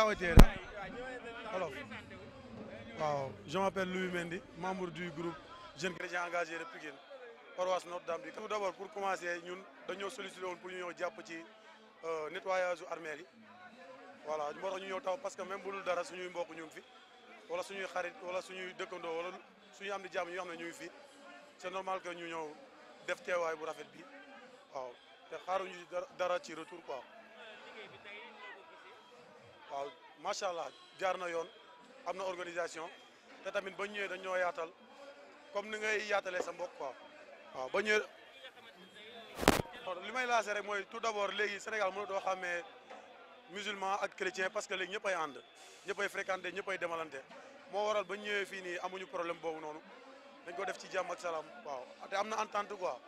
gaaw a téye la alors waaw je m'appelle Louis Mendy membre du groupe jeunes chrétiens engagés de Pikine paroisse notre d'abord pour commencer ñun dañoo sollicité woon pour ñu ñëw jàpp ci euh, nettoyage armères yi voilà moo tax ñu ñëw taw parce que même bu dul dara suñuy mbokk ñu ngi fi wala suñuy xarit wala suñuy dëkkandoo wala suñuy am di jàmm ñu xam ne ñu ngi fi c'est normal que ñu ñëw def teewaay bu rafet bi waaw te xaaruñu dara ci retour quoi. macha allah jaar na yoon am na organisation te tamit ba ñëwee dañoo yaatal comme ni ngay yaatalee sa mbokk quoi waaw ba ñëwee li may lancé rek mooy tout d'abord léegi Sénégal doo xàmmee musulman ak chrétien parce que léegi ñëppay ànd ñëppay fréquenté ñëppay demalante moo waral ba ñëwee fii nii amuñu problème boobu noonu dañ ko def ci jàmm ak salaam waaw te am na entente quoi